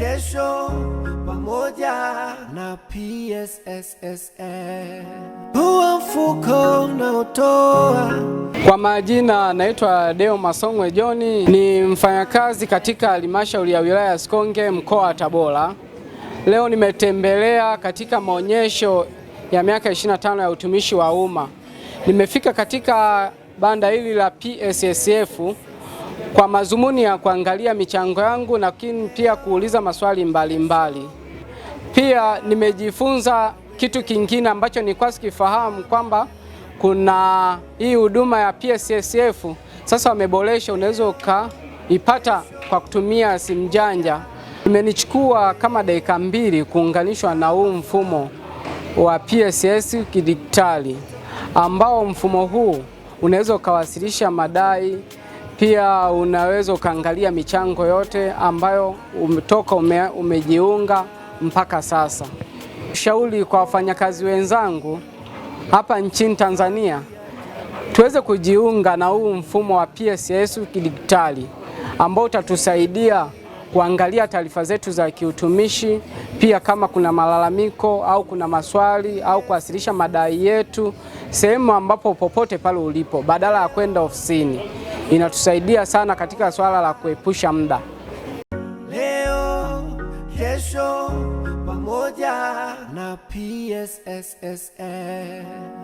kesho pamoja na PSSSN. Huwa mfuko unaotoa. Kwa majina naitwa Deo Masongwe Joni, ni mfanyakazi katika halmashauri ya wilaya ya Sikonge mkoa wa Tabora. Leo nimetembelea katika maonyesho ya miaka 25 ya utumishi wa umma. Nimefika katika banda hili la pssf kwa mazumuni ya kuangalia michango yangu, lakini pia kuuliza maswali mbalimbali mbali. Pia nimejifunza kitu kingine ambacho nilikuwa sikifahamu kwamba kuna hii huduma ya pssf sasa wameboresha, unaweza ukaipata kwa kutumia simu janja. Imenichukua kama dakika mbili kuunganishwa na huu mfumo wa PSS kidigitali, ambao mfumo huu unaweza ukawasilisha madai pia unaweza ukaangalia michango yote ambayo umetoka ume, umejiunga mpaka sasa. Shauri kwa wafanyakazi wenzangu hapa nchini Tanzania tuweze kujiunga na huu mfumo wa PSS kidigitali ambao utatusaidia kuangalia taarifa zetu za kiutumishi, pia kama kuna malalamiko au kuna maswali au kuwasilisha madai yetu sehemu ambapo popote pale ulipo, badala ya kwenda ofisini inatusaidia sana katika swala la kuepusha muda. Leo kesho pamoja na PSSSM.